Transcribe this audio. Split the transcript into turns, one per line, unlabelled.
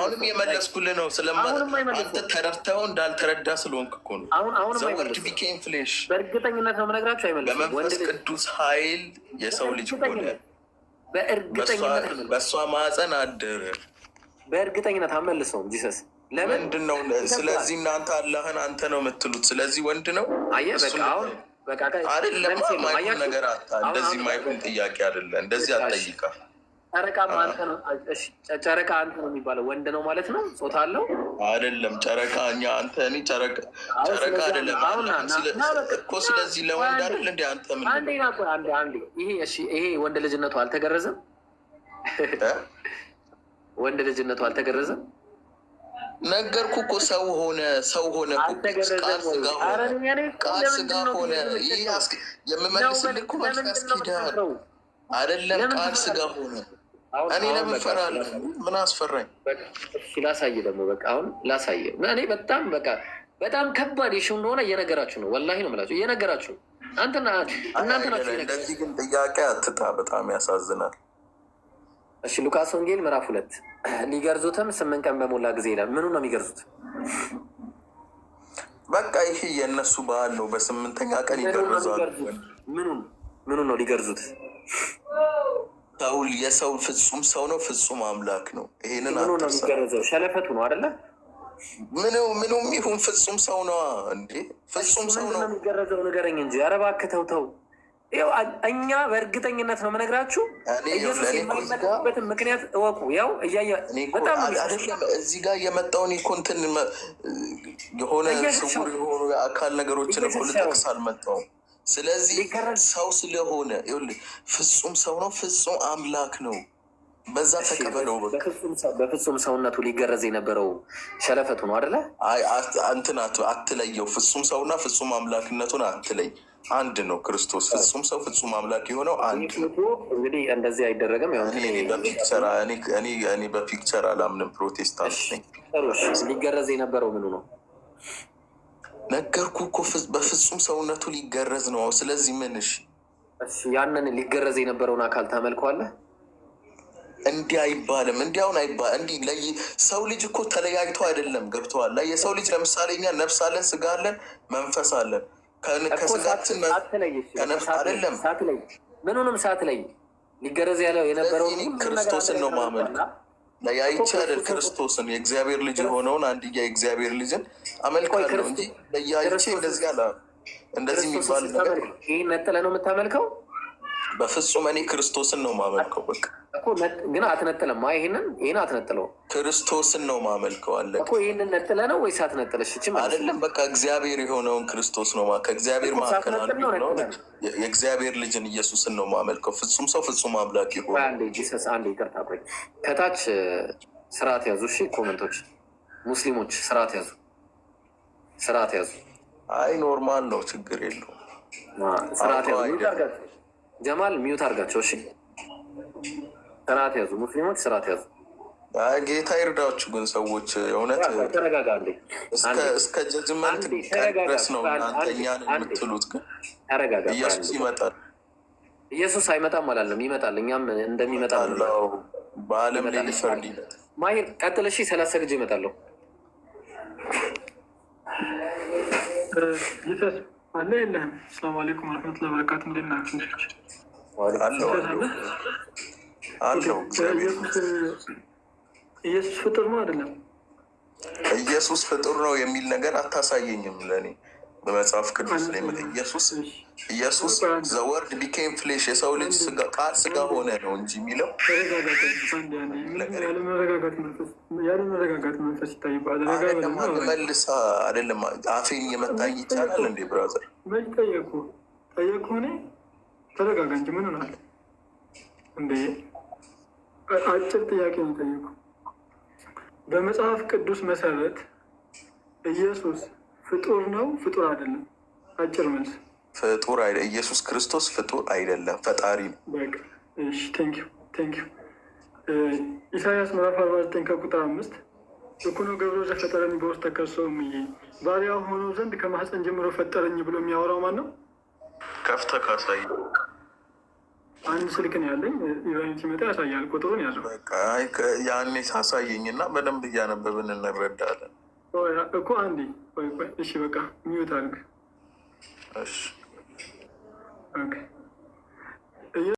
አሁንም የመለስኩልህ ነው። ስለአንተ እንዳልተረዳ ስለሆንክ እኮ ነው።
በእርግጠኝነት ነው የምነግራችሁ።
አይመለስም። በመንፈስ ቅዱስ ኃይል የሰው ልጅ ሆነ። በእሷ ማዕፀን አደረ።
በእርግጠኝነት አመልሰው ጂሰስ
ለምንድን ነው ስለዚህ እናንተ አላህን አንተ ነው የምትሉት? ስለዚህ ወንድ ነው አይደለም። ማይሆን ነገር እንደዚህ ማይሆን ጥያቄ አይደለ እንደዚህ አጠይቃ
ጨረቃም አንተ ነው። ጨረቃ አንተ ነው የሚባለው ወንድ ነው ማለት ነው። ጾታ አለው
አይደለም? ጨረቃ እኛ አንተ እኔ ጨረቃ ጨረቃ አይደለም እኮ። ስለዚህ ለወንድ አይደል እንደ አንተ
ምን አንዴ ና አንዴ አንዴ። ይሄ እሺ፣ ይሄ ወንድ ልጅነቱ አልተገረዘም። ወንድ ልጅነቱ አልተገረዘም።
ነገርኩ እኮ ሰው ሆነ ሰው ሆነ ቃል ስጋ ሆነ። ይህ የምመልስልህ እኮ አስኪዳል አይደለም ቃል ስጋ ሆነ እኔ ለምን እፈራለሁ? ምን አስፈራኝ?
እሱ ላሳይ ደግሞ በቃ አሁን ላሳይ። እኔ በጣም በቃ በጣም ከባድ የሽ እንደሆነ እየነገራችሁ ነው። ወላሂ ነው የምላችሁ እየነገራችሁ አንተና
እናንተ ናችሁ። እንደዚህ ግን ጥያቄ አትጣ። በጣም ያሳዝናል።
እሺ ሉቃስ ወንጌል ምዕራፍ ሁለት ሊገርዙትም ስምንት ቀን በሞላ ጊዜ ይላል። ምኑ ነው የሚገርዙት?
በቃ ይሄ የእነሱ በዓል ነው። በስምንተኛ ቀን ይገርዛሉ።
ምኑ ምኑ ነው ሊገርዙት
ሰው የሰው ፍጹም ሰው ነው፣ ፍጹም አምላክ ነው።
ይሄንን የሚገረዘው ሸለፈቱ ነው አደለ?
ምንም ምንም ይሁን ፍጹም ሰው ነዋ። እንዴ ፍጹም ሰው ነው
የሚገረዘው ንገረኝ እንጂ። ኧረ እባክህ ተው ተው። ያው እኛ በእርግጠኝነት ነው የምነግራችሁ፣ ኢየሱስ ምክንያት እወቁ። ያው እያየ
በጣም እዚህ ጋር የመጣውን ኮንትን የሆነ ስውር የሆኑ የአካል ነገሮችን ልጠቅስ አልመጣውም ስለዚህ ሰው ስለሆነ ፍጹም ሰው ነው፣ ፍጹም አምላክ ነው። በዛ ተቀበለው።
በፍጹም ሰውነቱ ሊገረዝ የነበረው ሸለፈቱ ነው አደለ?
እንትን አትለየው። ፍጹም ሰውና ፍጹም አምላክነቱን አትለይ። አንድ ነው ክርስቶስ። ፍጹም ሰው ፍጹም አምላክ የሆነው አንድ
እንግዲህ እንደዚህ አይደረግም።
በፒክቸር አላምንም፣ ፕሮቴስታንት
ሊገረዝ የነበረው ምኑ ነው?
ነገርኩ እኮ በፍጹም ሰውነቱ ሊገረዝ ነው። ስለዚህ ምንሽ
ያንን ሊገረዝ የነበረውን አካል ታመልከዋለህ?
እንዲህ አይባልም። እንዲያውን አይባል እንዲህ ለይ ሰው ልጅ እኮ ተለያይቶ አይደለም ገብተዋል። ላይ የሰው ልጅ ለምሳሌ እኛ ነፍስ አለን፣ ስጋ አለን፣ መንፈስ አለን። ከስጋችን ከነፍስ አይደለም
ምኑንም ሳትለይ ሊገረዝ ያለው የነበረውን
ክርስቶስን ነው ማመልክ ለያይቻ ክርስቶስን የእግዚአብሔር ልጅ የሆነውን አንድያ የእግዚአብሔር ልጅን አመልካለሁ እንጂ ለያይቼ እንደዚህ አለ እንደዚህ የሚባል ነገር
ይህ ነጠለ ነው የምታመልከው?
በፍጹም እኔ ክርስቶስን ነው ማመልከው። በቃ
ግን አትነጥለም። ማ ይህንን ይህን አትነጥለው፣
ክርስቶስን ነው ማመልከው አለ
እኮ። ይሄንን ነጥለ ነው ወይስ አትነጥለሽ? እቺ
አይደለም በቃ እግዚአብሔር የሆነውን ክርስቶስ ነው ከእግዚአብሔር መካከል የእግዚአብሔር ልጅን ኢየሱስን ነው ማመልከው። ፍጹም ሰው ፍጹም አምላክ ይሆን
አንዴ ይቅርታ ከታች ስርዓት ያዙ። እሺ ኮመንቶች ሙስሊሞች ስርዓት ያዙ፣ ስርዓት ያዙ።
አይ ኖርማል ነው፣ ችግር የለውም።
ስርዓት ያዙ። ሚዩት አርጋቸው ጀማል፣ ሚዩት አርጋቸው። እሺ ስርዓት ያዙ፣ ሙስሊሞች ስርዓት ያዙ።
ጌታ ይርዳችሁ። ግን ሰዎች እውነት እስከ ጀጅመንት ድረስ ነው እናንተ እኛን የምትሉት። ግን ኢየሱስ ይመጣል።
ኢየሱስ አይመጣም አላለም፣ ይመጣል። እኛም እንደሚመጣ
በአለም ላይ ሊፈርድ
ማሄር ቀጥል። እሺ ሰላሳ ልጅ ይመጣለሁ።
አለ የለህም? ሰላም አለይኩም ረመቱላ በረካቱ። እንዴት ናችሁ? ኢየሱስ ፍጡር ነው አይደለም?
ኢየሱስ ፍጡር ነው የሚል ነገር አታሳየኝም ለእኔ በመጽሐፍ ቅዱስ ላይ ኢየሱስ ኢየሱስ ዘወርድ ቢኬም ፍሌሽ የሰው ልጅ ቃል ስጋ ሆነ ነው እንጂ የሚለው መልሳ አይደለም። አፌን እየመታኝ ይቻላል እንዴ? ብራዘር
ጠየቁ ጠየቁ። እኔ ተረጋጋ እንጂ ምን ሆናል እንዴ? አጭር ጥያቄ ነው። ጠየቁ በመጽሐፍ ቅዱስ መሰረት ኢየሱስ ፍጡር ነው ፍጡር አይደለም? አጭር መልስ
ፍጡር አይደለም። ኢየሱስ ክርስቶስ ፍጡር አይደለም፣ ፈጣሪ ነው።
ኢሳያስ ምዕራፍ አርባ ዘጠኝ ከቁጥር አምስት እኩኖ ገብሮ ዘፈጠረኝ በውስጥ ተከሰውም ባሪያ ሆኖ ዘንድ ከማህፀን ጀምሮ ፈጠረኝ ብሎ የሚያወራው ማን ነው?
ከፍተ ካሳይ
አንድ ስልክን ያለኝ። ኢብራሂም ሲመጣ ያሳያል። ቁጥሩን ያዘው።
ያኔ እና በደንብ እያነበብን እንረዳለን።
እኮ አንዴ ቆይ ቆይ። እሺ በቃ ሚዩት አድርግ። እሺ ኦኬ